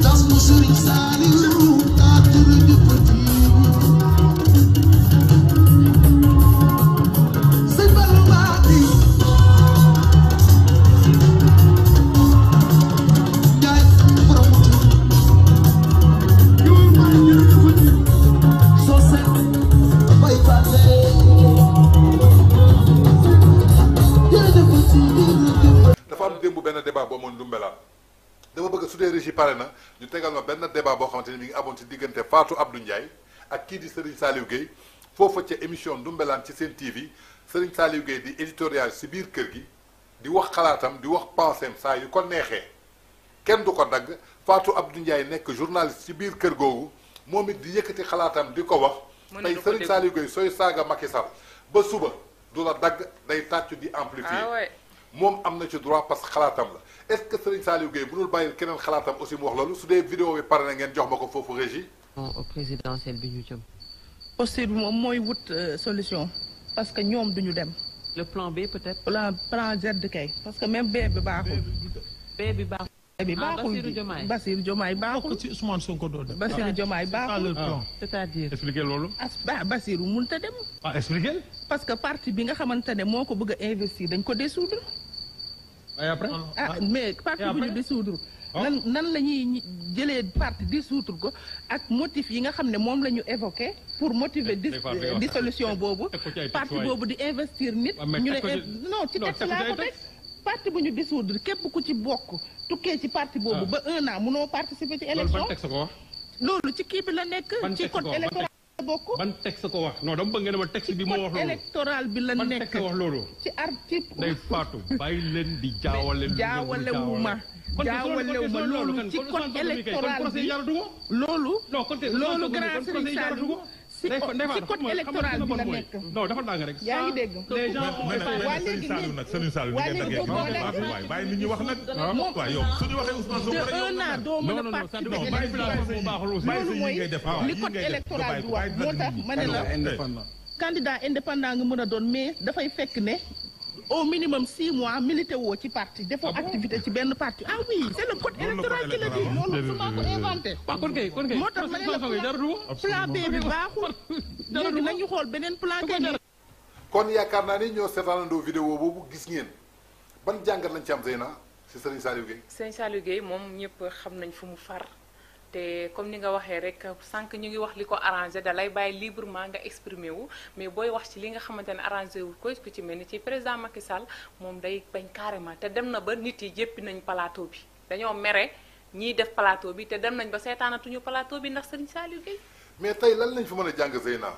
That's you shooting sign. démb benn débat bu amoon Ndumbela dama bëgg su dee régie pare na ñu tegal ma benn débat boo xamante ni mi ngi amoon ci diggante Fatou Abdou Ndiaye ak kii di Serigne Saliou Gueye foofa émission Ndumbelaan ci seen TV Serigne Saliou Gueye di éditorial si biir kër gi di wax xalaatam di wax penseem saa yu ko neexee kenn du ko dagg Fatou Abdou Ndiaye nekk journaliste ci biir kër googu moom it di yëkkati xalaatam di ko wax tey sëriñ Saliou Gueye sooy saaga Macky Sall ba suba du la dagg day tàccu di amplifier ah mom amna ci droit parce que xalaatam la est-ce que Serigne Saliou Gueye mënul bayil kenen xalaatam aussi mu wax lolu su dee vidéo bi pare na ngeen jox ma ko foofu au présidentiel bi ñu jëm. aussi moom moy wut euh, solution parce que ñom duñu dem. le plan B peut-être. le plan Z de kay parce que même B bi baaxu B bi baaxul. bi ah, baaxul Bassirou Diomaye baaxul bokk ci Ousmane Sonko doon def. Bassirou Diomaye baaxul ah, c'est-à-dire. expliquer lolu as ba Bassirou mënut a dem. ah expliquer. parce que parti bi nga xamantene moko bëgg investir dañ ko dissoudre. Ah, ah, ah mais parti bu ñu dissoudre nan nan la ñuy jëlee parti dissoudre ko ak motif yi nga xam ne moom la ñu évoqué pour motiver eh, dissolution eh, boobu parti boobu di investir nit ñu ne eh, non ci texte laa ko teg parti bu ñu dissoudre képp ku ci bokk tukkee ci parti boobu ah. ba un an munoo participer ci élection loolu ci kii bi la nekk ci code électoral bokk ban texte ko wax noo dama bëgg ngeen ma texte bi moo wax loolu électoral bi la nekk ban texte wax loolu ci article day faatu bàyyi leen di jaawale jaawalewu ma jaawalewu ma loolu ci code électoral bi loolu loolu grand sëriñ si code électoral bi la nekk dafa ndànk rek. yaa ngi dégg les gens waa léegi bàyyi nit ñi wax nag. waaw yow suñu waxee Ousmane Sonko rek yow nag doo mën a participer loolu mooy li bi wax moo tax ma ne la candidat indépendant nga mën a doon mais dafay fekk ne. au minimum six mois milité woo ci parti defoo ah activité ci benn parti ah oui c' est le code électoral qui le dit noonu su maa ko inventé waaw kon kay kon moo tax ma ne plan B bi baaxul léegi nañu xool beneen plan B kon yaakaar naa ni ñoo seetaanandoo vidéo boobu gis ngeen ban jàngat lañ ci am Zeyna si Serigne Saliou Gueye Serigne Saliou Gueye moom ñëpp xam nañ fu mu far te comme ni nga waxee rek sànq ñu ngi wax li ko arrangé da lay bàyyi librement nga exprimer wu mais booy wax ci li nga xamante ne arrangé wu ko ku ci mel ni ci président Macky Sall moom day bañ carrément te dem na ba nit yi jéppi nañ plateau bi dañoo mere ñiy def palaato bi te dem nañ ba seetaanatuñu palaato bi ndax Serigne Saliou Gueye mais tey lan lañ fa mën a jàng Zeyna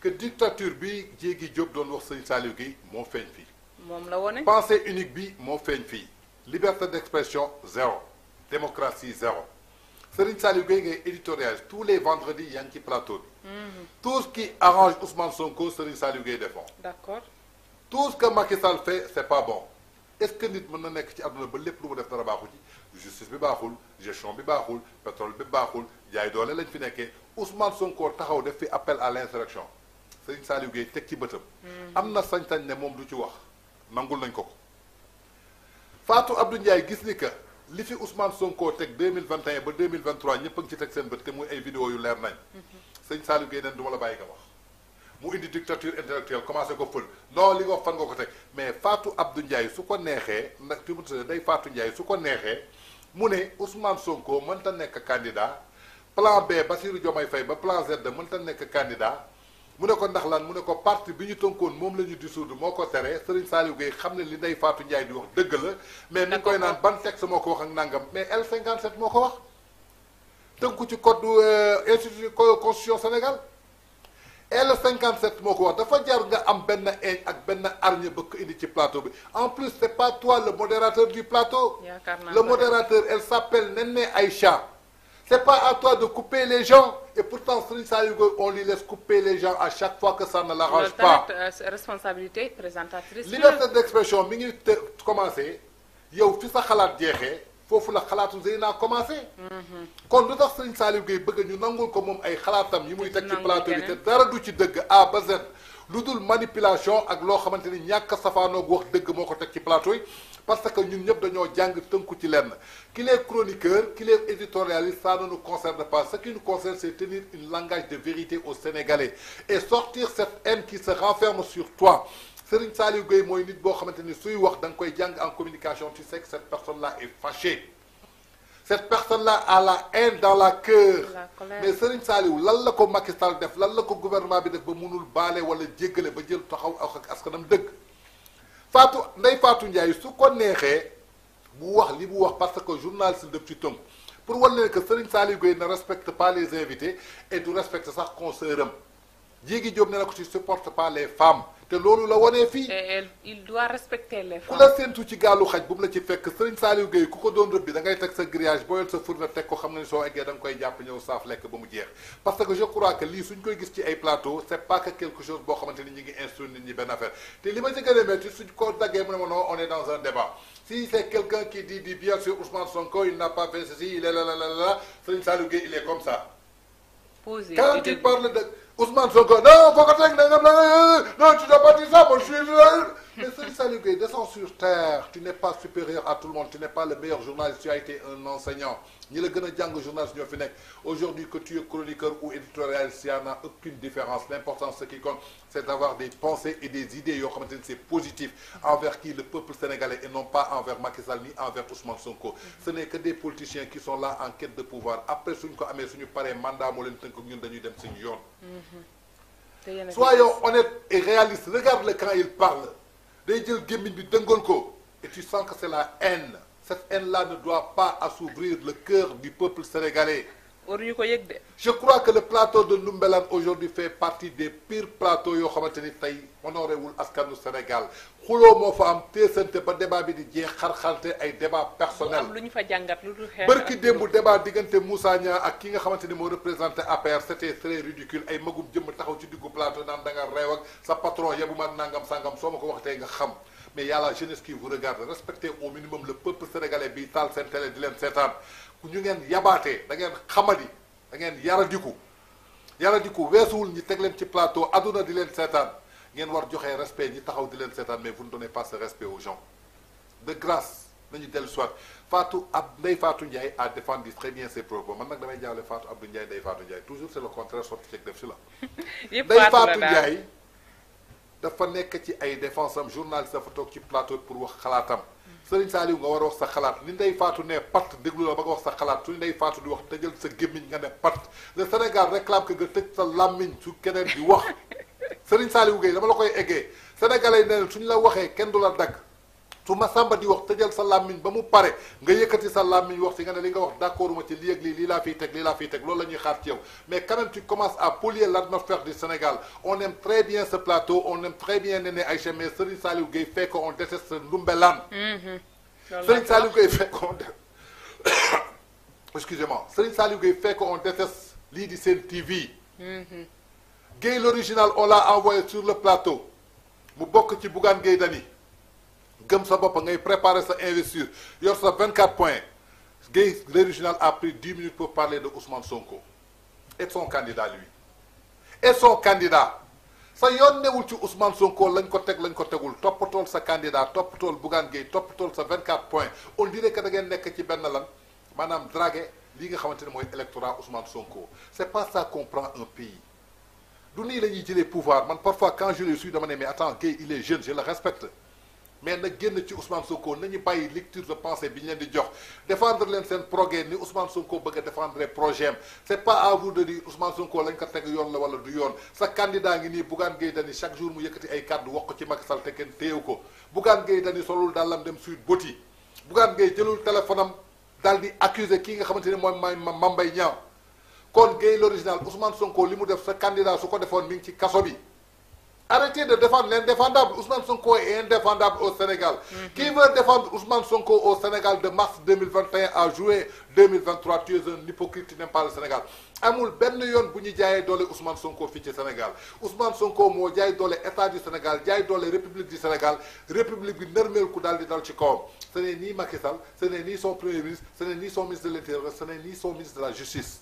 que dictature bi Diégui Diop doon wax Serigne Saliou Gueye moo feeñ fii moom la woon pensée unique bi moo feeñ fii liberté d'expression zéro démocratie zéro Serigne Saliou Gueye éditorial tous les vendredis a un petit plateau bi. Mhm. tout ce qui arrange Ousmane Sonko Serigne Saliou Gueye défend. d'accord tout ce que Macky Sall fait c'est pas bon est-ce que nit mën na nekk ci àdduna ba lépp lu mu def dara baaxu ci justice bi baaxul gestion bi baaxul pétrole bi baaxul jaay doole lañ fi nekkee Ousmane Sonko taxaw def fi appel à l'insurrection Serigne Saliou Gueye teg ci bëtam. Mhm. Amna na sañ-sañ ne moom du ci wax nangul nañ ko ko Fatou Abdou Ndiaye gis ni que. li fi Ousmane Sonko teg 2021 ba 2023 ñëpp a ngi ci teg seen bët te muy ay vidéo yu leer nañ mhm. sëñ Saliou Guèye neen du ma la bàyyi nga wax mu indi dictature intellectuelle commencé ko fël non li nga wax fan nga ko teg mais faatu Abdou Ndiaye su ko neexee nag fi mu tudd day faatu Ndiaye su ko neexee mu ne Ousmane Sonko mënta nekk candidat plan B Bassirou Diomaye fay ba plan Z mënta nekk candidat mu ne ko ndax lan mu ne ko parti biñu tonkon mom lañu la ñu dissoudre moo ko Serigne Saliou gay xamné li day Fatou Ndiaye di wax deug la mais ni koy naan ban texte moko wax ak nangam mais L57 moko wax tënku ci code euh, institut euh, constitution Sénégal L57 moko wax dafa jar nga am benn haine ak benn hargne bëkk indi ci plateau bi en plus c'est pas toi le modérateur du plateau le modérateur elle s'appelle Néné Aïcha n'est pas à toi de couper les gens. Et pourtant, on lui laisse couper les gens à chaque fois que ça ne l'arrange pas. Euh, responsabilité présentatrice. Liberté d'expression, mingi commencé. yow fi sa xalaat jeexee Fofu la xalaatu Zeyna commencé. Mhm. kon lu tax Serigne salif Gueye beug ñu nangul ko mom ay xalaatam yi muy tek ci plateau bi te dara du ci deug A ba Z lu manipulation ak lo xamanteni ni safano safaanoog wax deug moko tek ci plateau parce que ñun ñep dañoo jang teunku ci lenn qu'il est chroniqueur qu'il est éditorialiste ça ne nous concerne pas ce qui nous concerne c'est tenir un langage de vérité au Sénégalais et sortir cette haine qui se renferme sur toi Serigne Saliou Gueye moy nit bo xamanteni suy wax dang koy jang en communication tu sais que cette personne là est fâchée cette personne-là a la haine dans la cœur mais Serigne Saliou lan Macky Sall def gouvernement bi def ba mënul wala ba taxaw ak askanam Fatou Fatou ko bu wax li bu wax parce que journaliste de petit pour que Serigne ne respecte pas les invités et du respecte sa conseiller Djigui job n'a la ko tu supportes pas les femmes te loolu la wonee fii. il doit respecter les femmes. ku la séntu ci gaalu xaj bu mu la ci fekk Serigne Saliou Gueye ku ko doon rëbbi da ngay teg sa grillage booyal sa fourne teg ko xam ne soo eggee da nga koy jàpp ñëw saaf lekk ba mu jeex. parce que je crois que lii suñ koy gis ci ay plateau c'est pas que quelque chose boo xamante ni ñu ngi instruire nit ñi benn affaire te li ma ci gën a métti suñ ko daggee mu ne ma on est dans un débat si c'est quelqu'un qui dit dit bien sûr Ousmane Sonko il n'a pas fait ceci il est là là là là Serigne Saliou Gueye il est comme ça. Quand il parle de Ousmane Sonko, non, faut que tu aies un non, tu n'as pas dit ça, mon je suis Mais Salut Gay, descends sur terre. Tu n'es pas supérieur à tout le monde. Tu n'es pas le meilleur journaliste. Tu as été un enseignant. Ni le journaliste Aujourd'hui, que tu es chroniqueur ou éditorial, il n'y a aucune différence. L'important, ce qui compte, c'est d'avoir des pensées et des idées. C'est positif envers qui le peuple sénégalais et non pas envers Macky Sall ni envers Ousmane Sonko. Ce n'est que des politiciens qui sont là en quête de pouvoir. Après, si nous avons un mandat, nous mm-hmm. avons Soyons honnêtes et réalistes. Regarde le quand il parle et tu sens que c'est la haine cette haine-là ne doit pas assouvrir le cœur du peuple sénégalais je crois que le plateau de Ndoumbelane aujourd'hui fait partie des pires plateaux yo xamanteni tay honoré wul askanu Sénégal xuloo mo fa am téesante ba débat bi di jé xar-xarte ay débat personnel am lu fa jàngat lu dul xeex bërki débat diggante Moussa Niang ak ki nga xamanteni mo représenter APR c'était très ridicule ay magum jëm taxaw ci diggu plateau naan da nga reew ak sa patron yebu man nangam sangam soo ma ko waxtee nga xam mais y a la jeunesse qui vous regarde respectez au minimum le peuple sénégalais bi taal seen télé di leen ñu ngeen yabaatee da ngeen xamali da ngeen yaradiku yaradiku weesuwul ñi teg leen ci plateau aduna di leen seetaan ngeen war joxe respect ñi taxaw di leen seetaan mais vous ne donnez pas ce respect aux gens de grâce nañu dellu soit Fatou ab Ndeye Fatou Ndiaye a défendu très bien ses propos man nag damay jaawle Fatou Abdou Ndiaye Ndeye Fatou Ndiaye toujours c'est le contraire sotti ceeg def si la Ndeye Fatou Ndiaye dafa nekk ci ay défense am journaliste dafa toog ci plateau pour wax xalaatam Sëriñ Saliou nga war a wax sa xalaat ni Ndeye Fatou ne pat déglu la ba nga wax sa xalaat su Ndeye Fatou di wax tëjal sa gémmiñ nga ne pat le Sénégal réclame que nga tëj sa làmmiñ su keneen di wax Sëriñ Saliou géey dama la koy eggee sénégalais yi ne suñ la waxee kenn du la dagg Tu ma samba di wax tëjal sa làmmiñ ba mu pare nga yëkkati sa làmmiñ wax si nga ne li nga wax d'accord ma ci lii ak lii lii laa fiy teg lii laa loolu xaar ci yow mais quand même tu commences à polier l'atmosphère du Sénégal on aime très bien ce plateau on aime très bien Néné Aïcha mais Serigne Salou Gueye fekk on déteste Ndoumbelane Serigne Salou Gueye fait on mm-hmm. excusez-moi Serigne Salou Gueye fekk on déteste lii di Sen TV mm-hmm. Gueye l'original on l'a envoyé sur le plateau mu bokk ci Bougane Gueye Dany gëm sa bopp ngay préparer sa investiture yor sa 24 points gay l'original a pris 10 minutes pour parler de Ousmane Sonko et son candidat lui et son candidat sa yoon où ci Ousmane Sonko lañ ko côté, lañ ko tegul toppatool sa candidat toppatool Bougane top toppatool sa 24 points on dirait que da ngeen nekk ci ben lan manam draguer li nga xamante moy Ousmane Sonko c'est pas ça qu'on prend un pays d'où nii la jëlé pouvoir man parfois quand je le suis dama né mais attends qu'il il est jeune je le respecte mais na génn ci Ousmane Sonko nañu bàyyi lecture de pensée bi leen di jox défendre leen sen projet ni Ousmane Sonko bëgg a défendre projet am c' pas à vous de dire Ousmane Sonko lañ ko tek yoon la wala du yoon sa candidat ngi ni Bougane Gueye Dany chaque jour mu yëkëti ay kàddu wax ko ci Macky Sall te kenn téyew ko Bougane Gueye Dany solul dalam dem suite boti Bougane Gueye jëlul téléphone am daal di accuser ki nga xamanteni ni mooy Mame kon Gueye l'original Ousmane Sonko limu def sa candidat su ko defoon mi ci kasso bi. Arrêtez de défendre l'indéfendable. Ousmane Sonko est indéfendable au Sénégal. Mhm. Qui veut défendre Ousmane Sonko au Sénégal de mars 2021 à juin 2023 Tu es un hypocrite, tu n'aimes pas le Sénégal. Amoul Ben Yon bu ñu Ousmane Sonko au Sénégal Ousmane Sonko Mo jaay l'état état du Sénégal jaay la république du Sénégal république du Nermel Koudal de ce n'est ni Macky ce n'est ni son premier ministre ce n'est ni son ministre de l'intérieur ce n'est ni son ministre de la justice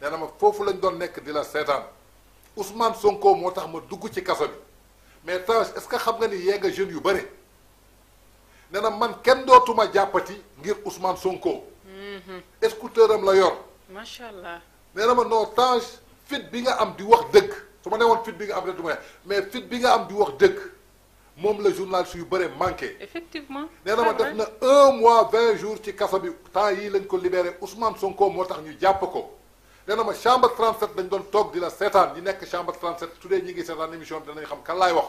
nee na ma foofu lañ doon nekk di la seetaan Ousmane Sonko moo tax ma dugg ci kaso bi mais Tange est-ce que xam nga ni yee nga jeunes yu bëri nee na man kenn dootuma jàppati ngir Ousmane Sonko. écouteur am la yor. macha allah nee na ma non Tange fit bi nga am di wax dëgg su ma nee woon fit bi nga am rek du ma mais fit bi nga am di wax dëgg. moom la journaliste yu bëre manqué. effectivement nee na ma def na un mois vingt jours ci kaso bi temps yii lañ ko libéré Ousmane Sonko moo tax ñu jàpp ko. nee na ma chambre 37 dañ doon toog di la seetaan ñi nekk chambre 37 su dee ñi ngi seetaan émission bi danañ xam kan laay wax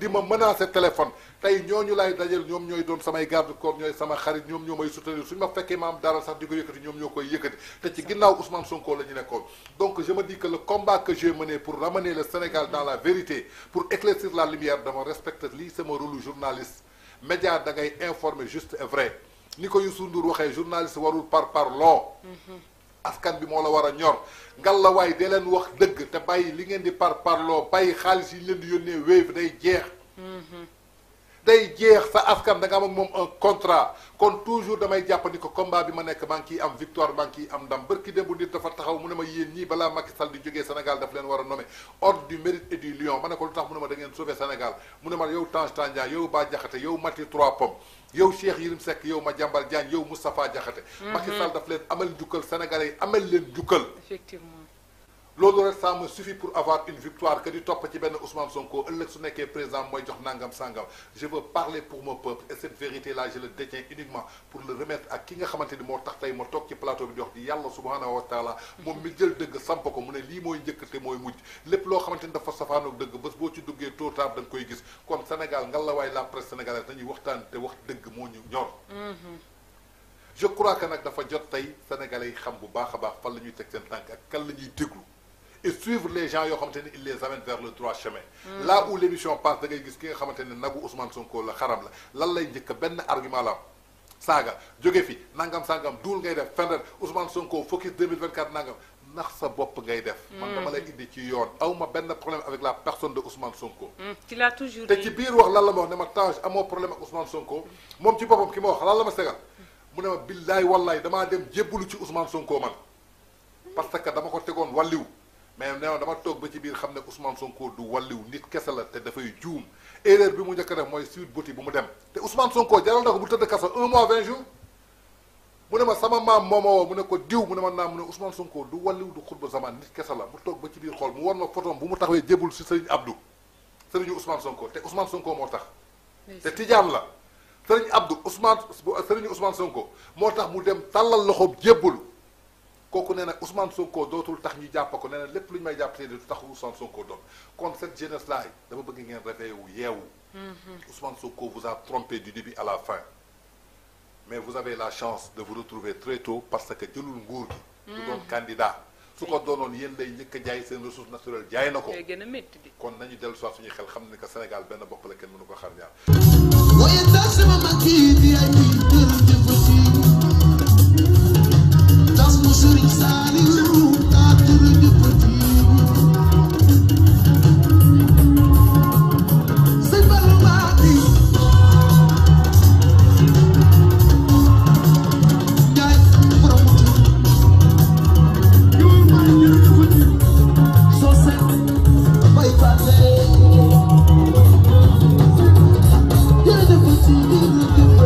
di ma menacer téléphone tey ñooñu lay dajal ñoom ñooy doon samay garde corps ñooy sama xarit ñoom ñoo may soutenir suñu ma fekkee maam dara sax di ko yëkkati ñoom ñoo koy yëkkati te ci ginnaaw Ousmane Sonko la ñu nekkoon donc je me dis que le combat que j'ai mené pour ramener le Sénégal dans la vérité pour éclaircir la lumière dama respecte lii sama rôle journaliste média da ngay informer juste et vrai ni ko Youssou Ndour waxee journaliste warul par par long mhm. askan bi moo la war a ñor la waaye dee leen wax dëgg te bàyyi li ngeen di par parloo bàyyi xaalis yi ñu leen di yónnee wéy day jeex. Mhm. day jeex sa askan da am ak moom un contrat kon toujours damay jàpp ni ko bi ma nekk maa ngi ciy am victoire maa ngi am ndam barki bu nit dafa taxaw mu ne ma yéen ñii balaa Macky Sall di jógee Sénégal daf leen war a nommé ordre du mérite et du lion ma ne ko lu tax mu ne ma da ngeen sauver Sénégal mu ne ma yow Tange Tandian yow Bah Diakhaté yow Mati Trois Pommes. yow Cheikh Yérim Seck yow Madiambal Diagne yow Moustapha Diakhaté mhm. Macky Sall daf leen amal njukkal sénégalais yi amal leen njukkal effectivement loolu rek ça me suffit pour avoir une victoire que di top ci Ben Ousmane Sonko ëllëg su nekké président moy jox nangam sangam je veux parler pour mon peuple et cette vérité là je le détiens uniquement pour le remettre ak ki nga xamanteni mo tax tay mo tok ci plateau bi di wax di yàlla subhanahu wa taala mom mi jël deug samp ko mune li moy mooy njëkk te mooy mujj lépp loo xamante dafa safaanoog deug bës bo ci duggé tout tard dang koy gis kon Sénégal ngalawaay la presse sénégalaise dañuy waxtaan te wax deug mo ñu ñor. Mm-hmm. je crois que nak dafa jot tay sénégalais xam bu baaxa baax fa lañuy tek sen tank ak kan lañuy déglu et suivre les gens qui xamante il les amène vers le droit chemin là où l'émission passe da ngay gis ki nga xamante ne nagu Ousmane Sonko la xaram la lan lay njëkk benn argument la saaga jóge fi nangam sangam Doul ngay def feneen Ousmane Sonko focus 2024 nangam nax sa bopp ngay def. Hmm. man dama lay indi ci problème avec la personne de Ousmane Sonko. ci hmm, a toujours te ci biir wax lan la ma wax ne ma Tange amoo problème ak Ousmane Sonko moom ci boppam ki ma wax lan la ma segal mu ne ma billaay wallaay dem jébbalu ci Ousmane Sonko man parce que dama ko tegoon wàlliw. mais néw dama tok ba ci bir xamné Ousmane Sonko du walliw nit kese la te fay juum erreur bi mu ñëk def moy suite boti bu mu dem te Ousmane Sonko jaral nako bu tëdd kaso 1 mois 20 jours mu ne ma sama mam momo mu ne ko diw mu ne ma naam mu ne Ousmane Sonko du walliw du khutba zaman nit kese la mu tok ba ci bir xol mu war ma photom bu mu taxawé djébul ci Serigne Abdou Serigne Ousmane Sonko te Ousmane Sonko mo tax te tidiane la Serigne Abdou Ousmane Serigne Ousmane Sonko mo tax mu dem talal loxob djébul kooku nee Ousmane Sonko dootul tax ñu japp ko nee lepp luñ may japp té du tax Ousmane Sonko doon kon cette jeunesse là dama bëgg ngeen réveillé wu yeewu. Mhm. Ousmane Sonko vous a trompé du début à la fin. mais vous avez la chance de vous retrouver très tôt parce que jëlul nguur gi. du mhm. doon candidat su ko doonoon yéen lay njëkk jaay seen ressource naturelle jaay na ko. gën a métti bi kon nañu dellu soit suñu xel xam ne que Sénégal benn bopp la kenn mënu ko xar ñaar.